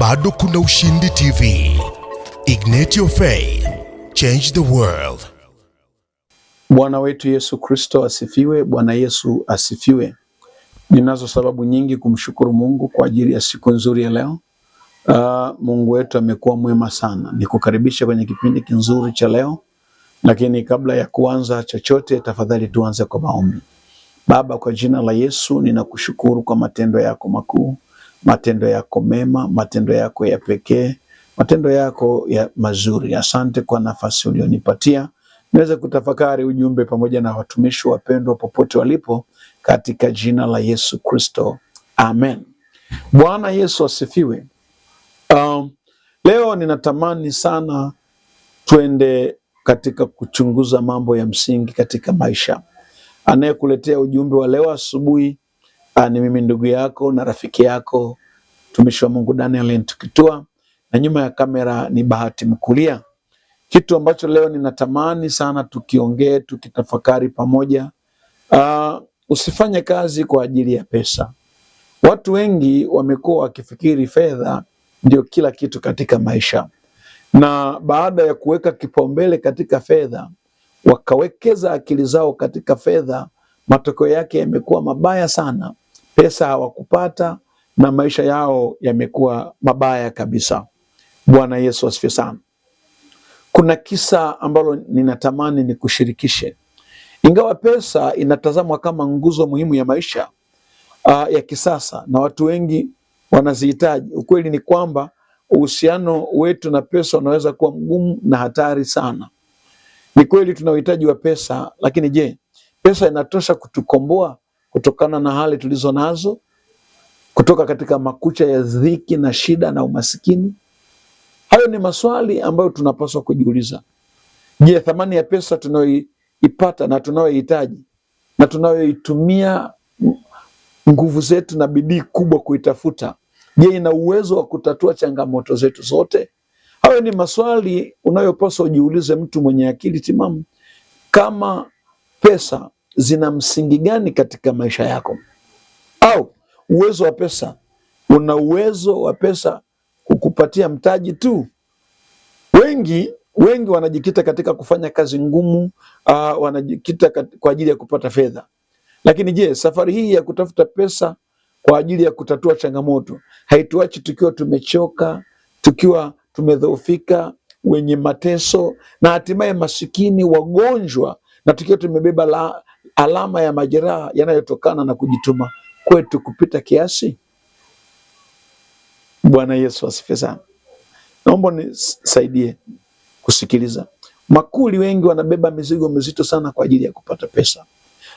bado kuna ushindi TV. Ignite your faith, change the world. Bwana wetu Yesu Kristo asifiwe. Bwana Yesu asifiwe. Ninazo sababu nyingi kumshukuru Mungu kwa ajili ya siku nzuri ya leo. Uh, Mungu wetu amekuwa mwema sana. Nikukaribisha kwenye kipindi kizuri cha leo, lakini kabla ya kuanza chochote, tafadhali tuanze kwa maombi. Baba, kwa jina la Yesu ninakushukuru kwa matendo yako makuu matendo yako mema, matendo yako ya pekee, matendo yako ya mazuri. Asante kwa nafasi ulionipatia niweze kutafakari ujumbe pamoja na watumishi wapendwa popote walipo, katika jina la Yesu Kristo, amen. Bwana Yesu asifiwe. Um, leo ninatamani sana twende katika kuchunguza mambo ya msingi katika maisha. Anayekuletea ujumbe wa leo asubuhi Aa, ah, ni mimi ndugu yako na rafiki yako mtumishi wa Mungu Daniel Ntukitua, na nyuma ya kamera ni Bahati Mkulia. Kitu ambacho leo ninatamani sana tukiongee, tukitafakari pamoja. Aa, ah, usifanye kazi kwa ajili ya pesa. Watu wengi wamekuwa wakifikiri fedha ndio kila kitu katika maisha, na baada ya kuweka kipaumbele katika fedha, wakawekeza akili zao katika fedha, matokeo yake yamekuwa mabaya sana pesa hawakupata na maisha yao yamekuwa mabaya kabisa. Bwana Yesu asifiwe sana. Kuna kisa ambalo ninatamani nikushirikishe. Ingawa pesa inatazamwa kama nguzo muhimu ya maisha uh, ya kisasa na watu wengi wanazihitaji, ukweli ni kwamba uhusiano wetu na pesa unaweza kuwa mgumu na hatari sana. Ni kweli tuna uhitaji wa pesa, lakini je, pesa inatosha kutukomboa? kutokana na hali tulizo nazo, kutoka katika makucha ya dhiki na shida na umasikini. Hayo ni maswali ambayo tunapaswa kujiuliza. Je, thamani ya pesa tunayoipata na tunayoihitaji na tunayoitumia nguvu zetu na bidii kubwa kuitafuta, je, ina uwezo wa kutatua changamoto zetu zote? Hayo ni maswali unayopaswa ujiulize, mtu mwenye akili timamu. Kama pesa zina msingi gani katika maisha yako? Au uwezo wa pesa, una uwezo wa pesa kukupatia mtaji tu? Wengi wengi wanajikita katika kufanya kazi ngumu uh, wanajikita kat, kwa ajili ya kupata fedha. Lakini je, safari hii ya kutafuta pesa kwa ajili ya kutatua changamoto haituachi tukiwa tumechoka, tukiwa tumedhoofika, wenye mateso na hatimaye masikini, wagonjwa na tukiwa tumebeba la, alama ya majeraha yanayotokana na kujituma kwetu kupita kiasi? Bwana Yesu asifiwe sana. Naomba nisaidie kusikiliza. Makuli wengi wanabeba mizigo mizito sana kwa ajili ya kupata pesa,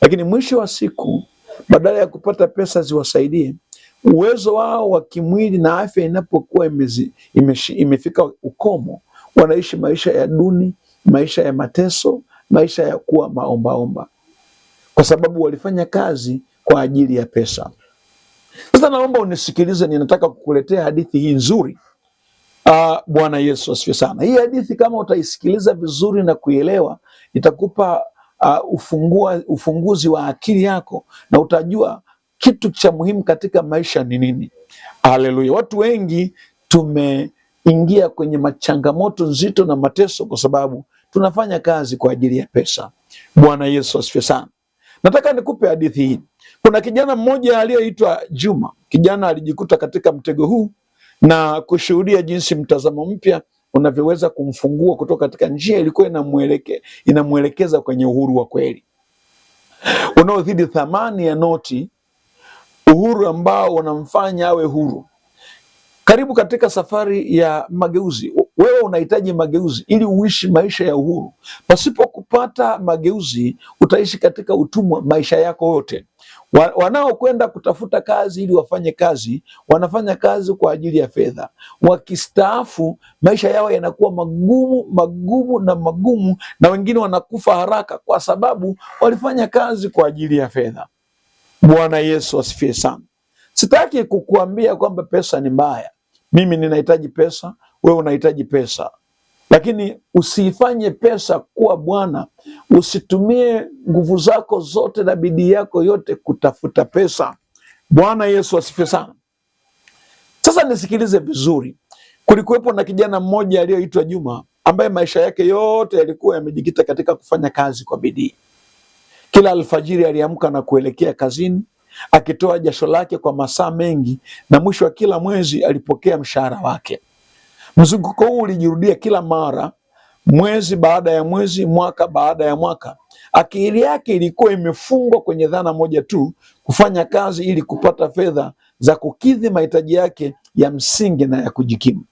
lakini mwisho wa siku, badala ya kupata pesa ziwasaidie, uwezo wao wa kimwili na afya inapokuwa imefika ukomo, wanaishi maisha ya duni, maisha ya mateso, maisha ya kuwa maombaomba kwa sababu walifanya kazi kwa ajili ya pesa. Sasa naomba unisikilize, ninataka kukuletea hadithi hii nzuri. Uh, Bwana Yesu asifiwe sana. Hii hadithi kama utaisikiliza vizuri na kuielewa itakupa uh, ufungua, ufunguzi wa akili yako na utajua kitu cha muhimu katika maisha ni nini. Haleluya! Watu wengi tumeingia kwenye machangamoto nzito na mateso kwa sababu tunafanya kazi kwa ajili ya pesa. Bwana Yesu asifiwe sana. Nataka nikupe hadithi hii. Kuna kijana mmoja aliyeitwa Juma. Kijana alijikuta katika mtego huu na kushuhudia jinsi mtazamo mpya unavyoweza kumfungua kutoka katika njia ilikuwa inamweleke, inamwelekeza kwenye uhuru wa kweli unaozidi thamani ya noti, uhuru ambao unamfanya awe huru. Karibu katika safari ya mageuzi. Wewe unahitaji mageuzi ili uishi maisha ya uhuru. Pasipo kupata mageuzi, utaishi katika utumwa maisha yako yote. Wanaokwenda kutafuta kazi ili wafanye kazi, wanafanya kazi kwa ajili ya fedha. Wakistaafu, maisha yao yanakuwa magumu magumu na magumu, na wengine wanakufa haraka kwa sababu walifanya kazi kwa ajili ya fedha. Bwana Yesu asifiwe sana. Sitaki kukuambia kwamba pesa ni mbaya. Mimi ninahitaji pesa, wewe unahitaji pesa, lakini usiifanye pesa kuwa bwana. Usitumie nguvu zako zote na bidii yako yote kutafuta pesa. Bwana Yesu asifiwe sana. Sasa nisikilize vizuri, kulikuwepo na kijana mmoja aliyoitwa Juma ambaye maisha yake yote yalikuwa yamejikita katika kufanya kazi kwa bidii. Kila alfajiri aliamka na kuelekea kazini akitoa jasho lake kwa masaa mengi, na mwisho wa kila mwezi alipokea mshahara wake. Mzunguko huu ulijirudia kila mara, mwezi baada ya mwezi, mwaka baada ya mwaka. Akili yake ilikuwa imefungwa kwenye dhana moja tu, kufanya kazi ili kupata fedha za kukidhi mahitaji yake ya msingi na ya kujikimu.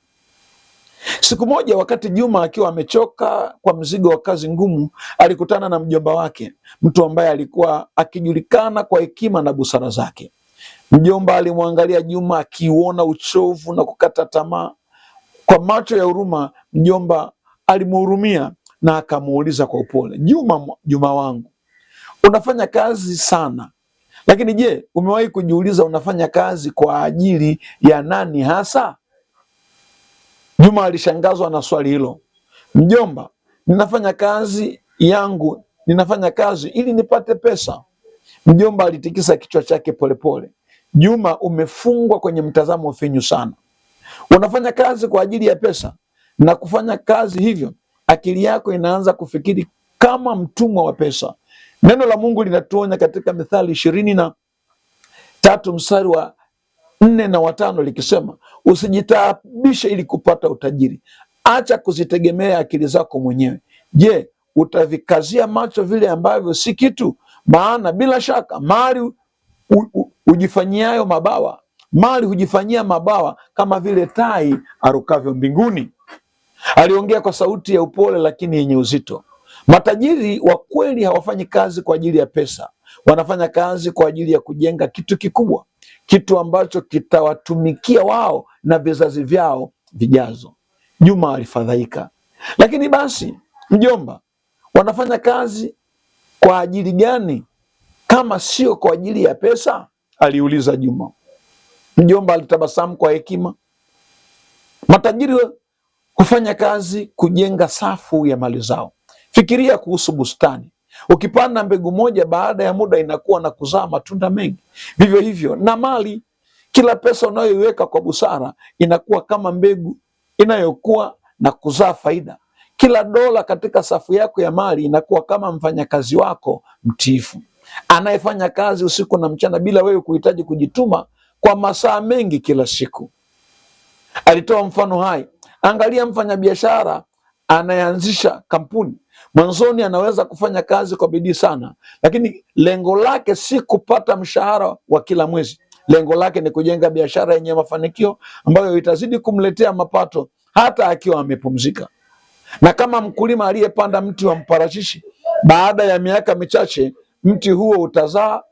Siku moja wakati Juma akiwa amechoka kwa mzigo wa kazi ngumu, alikutana na mjomba wake, mtu ambaye alikuwa akijulikana kwa hekima na busara zake. Mjomba alimwangalia Juma akiuona uchovu na kukata tamaa, kwa macho ya huruma, mjomba alimhurumia na akamuuliza kwa upole, Juma, Juma wangu, unafanya kazi sana, lakini je, umewahi kujiuliza unafanya kazi kwa ajili ya nani hasa? Juma alishangazwa na swali hilo. Mjomba, ninafanya kazi yangu, ninafanya kazi ili nipate pesa. Mjomba alitikisa kichwa chake polepole. Juma, umefungwa kwenye mtazamo finyu sana. Unafanya kazi kwa ajili ya pesa, na kufanya kazi hivyo, akili yako inaanza kufikiri kama mtumwa wa pesa. Neno la Mungu linatuonya katika Mithali ishirini na tatu mstari wa nne na watano likisema, usijitaabishe ili kupata utajiri, acha kuzitegemea akili zako mwenyewe. Je, utavikazia macho vile ambavyo si kitu? Maana bila shaka mali ujifanyiayo mabawa mali hujifanyia mabawa kama vile tai arukavyo mbinguni. Aliongea kwa sauti ya upole lakini yenye uzito. Matajiri wa kweli hawafanyi kazi kwa ajili ya pesa, wanafanya kazi kwa ajili ya kujenga kitu kikubwa, kitu ambacho kitawatumikia wao na vizazi vyao vijazo. Juma alifadhaika. Lakini basi, mjomba, wanafanya kazi kwa ajili gani kama sio kwa ajili ya pesa? aliuliza Juma. Mjomba alitabasamu kwa hekima. Matajiri kufanya kazi kujenga safu ya mali zao. Fikiria kuhusu bustani. Ukipanda mbegu moja, baada ya muda inakuwa na kuzaa matunda mengi. Vivyo hivyo na mali, kila pesa unayoiweka kwa busara inakuwa kama mbegu inayokuwa na kuzaa faida. Kila dola katika safu yako ya mali inakuwa kama mfanyakazi wako mtiifu anayefanya kazi usiku na mchana bila wewe kuhitaji kujituma kwa masaa mengi kila siku. Alitoa mfano hai. Angalia mfanyabiashara anayeanzisha kampuni, mwanzoni anaweza kufanya kazi kwa bidii sana, lakini lengo lake si kupata mshahara wa kila mwezi. Lengo lake ni kujenga biashara yenye mafanikio ambayo itazidi kumletea mapato hata akiwa amepumzika. Na kama mkulima aliyepanda mti wa mparachichi, baada ya miaka michache mti huo utazaa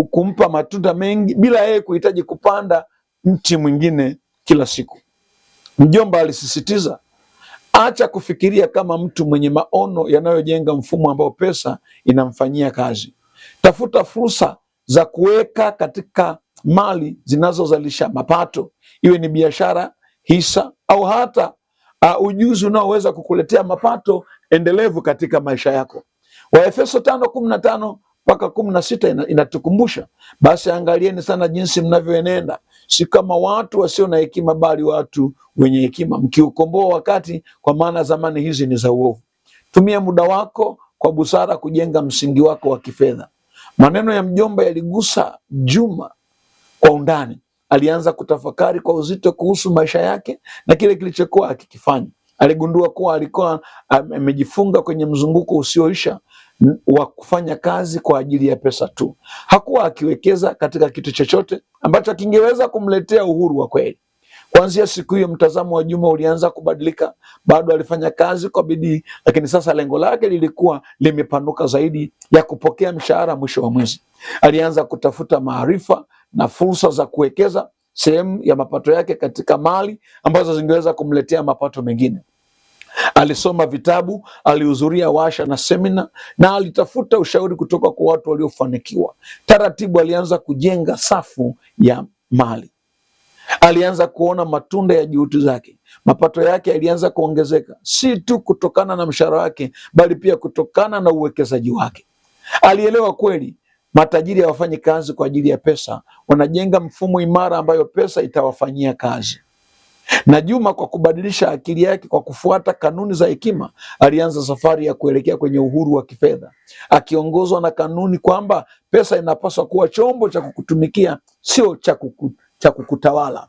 kumpa matunda mengi bila yeye kuhitaji kupanda mti mwingine kila siku. Mjomba alisisitiza, acha kufikiria kama mtu mwenye maono yanayojenga mfumo ambao pesa inamfanyia kazi. Tafuta fursa za kuweka katika mali zinazozalisha mapato, iwe ni biashara, hisa au hata uh, ujuzi unaoweza kukuletea mapato endelevu katika maisha yako. Waefeso tano kumi na tano mpaka kumi na sita inatukumbusha basi, angalieni sana jinsi mnavyoenenda, si kama watu wasio na hekima, bali watu wenye hekima, mkiukomboa wakati, kwa maana zamani hizi ni za uovu. Tumia muda wako kwa busara kujenga msingi wako wa kifedha. Maneno ya mjomba yaligusa Juma kwa undani. Alianza kutafakari kwa uzito kuhusu maisha yake na kile kilichokuwa akikifanya. Aligundua kuwa alikuwa amejifunga kwenye mzunguko usioisha wa kufanya kazi kwa ajili ya pesa tu. Hakuwa akiwekeza katika kitu chochote ambacho kingeweza kumletea uhuru wa kweli. Kuanzia siku hiyo, mtazamo wa Juma ulianza kubadilika. Bado alifanya kazi kwa bidii, lakini sasa lengo lake lilikuwa limepanuka zaidi ya kupokea mshahara mwisho wa mwezi. Alianza kutafuta maarifa na fursa za kuwekeza sehemu ya mapato yake katika mali ambazo zingeweza kumletea mapato mengine. Alisoma vitabu, alihudhuria washa na semina, na alitafuta ushauri kutoka kwa watu waliofanikiwa. Taratibu alianza kujenga safu ya mali. Alianza kuona matunda ya juhudi zake. Mapato yake yalianza kuongezeka, si tu kutokana na mshahara wake, bali pia kutokana na uwekezaji wake. Alielewa kweli matajiri hawafanyi kazi kwa ajili ya pesa, wanajenga mfumo imara ambayo pesa itawafanyia kazi na Juma kwa kubadilisha akili yake kwa kufuata kanuni za hekima, alianza safari ya kuelekea kwenye uhuru wa kifedha, akiongozwa na kanuni kwamba pesa inapaswa kuwa chombo cha kukutumikia, sio cha kuku, cha kukutawala.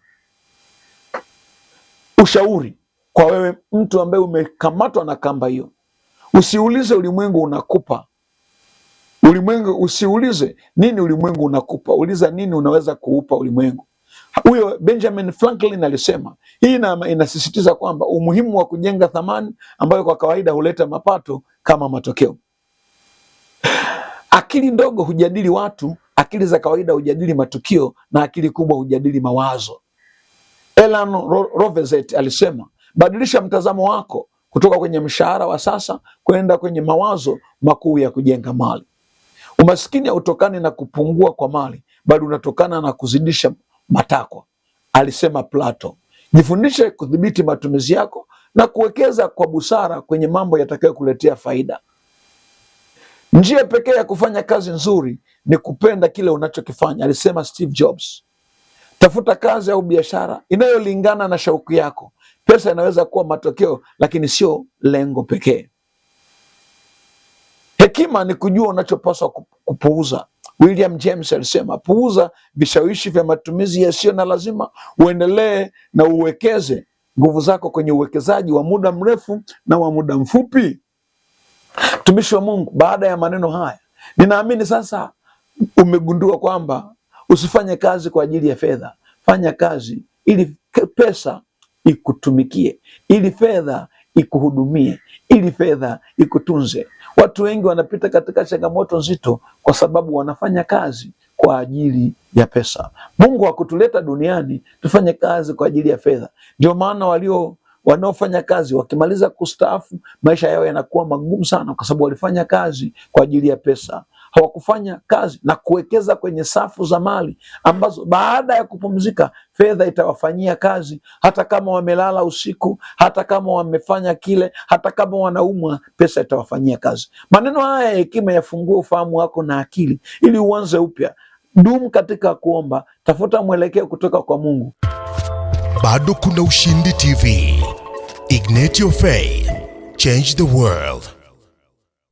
Ushauri kwa wewe mtu ambaye umekamatwa na kamba hiyo, usiulize ulimwengu unakupa ulimwengu, usiulize nini ulimwengu unakupa, uliza nini unaweza kuupa ulimwengu. Huyo Benjamin Franklin alisema hii inasisitiza kwamba umuhimu wa kujenga thamani ambayo kwa kawaida huleta mapato kama matokeo. Akili ndogo hujadili watu, akili za kawaida hujadili matukio, na akili kubwa hujadili mawazo. Elan Rovezet alisema, badilisha mtazamo wako kutoka kwenye mshahara wa sasa kwenda kwenye mawazo makuu ya kujenga mali. Umaskini hautokani na kupungua kwa mali, bali unatokana na kuzidisha matakwa. Alisema Plato, jifundishe kudhibiti matumizi yako na kuwekeza kwa busara kwenye mambo yatakayokuletea faida. Njia pekee ya kufanya kazi nzuri ni kupenda kile unachokifanya, alisema Steve Jobs. Tafuta kazi au biashara inayolingana na shauku yako. Pesa inaweza kuwa matokeo, lakini sio lengo pekee. Hekima ni kujua unachopaswa kupuuza William James alisema, puuza vishawishi vya matumizi yasiyo na lazima, uendelee na uwekeze nguvu zako kwenye uwekezaji wa muda mrefu na wa muda mfupi. Mtumishi wa Mungu, baada ya maneno haya, ninaamini sasa umegundua kwamba usifanye kazi kwa ajili ya fedha, fanya kazi ili pesa ikutumikie, ili fedha ikuhudumie, ili fedha ikutunze. Watu wengi wanapita katika changamoto nzito kwa sababu wanafanya kazi kwa ajili ya pesa. Mungu hakutuleta duniani tufanye kazi kwa ajili ya fedha. Ndio maana walio wanaofanya kazi wakimaliza kustaafu, maisha yao yanakuwa magumu sana, kwa sababu walifanya kazi kwa ajili ya pesa hawakufanya kazi na kuwekeza kwenye safu za mali ambazo baada ya kupumzika fedha itawafanyia kazi, hata kama wamelala usiku, hata kama wamefanya kile, hata kama wanaumwa, pesa itawafanyia kazi. Maneno haya ya hekima yafungua ufahamu wako na akili ili uanze upya. Dumu katika kuomba, tafuta mwelekeo kutoka kwa Mungu. Bado kuna Ushindi TV, ignite your faith, change the world.